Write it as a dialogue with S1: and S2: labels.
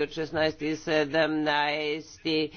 S1: от 16 и 17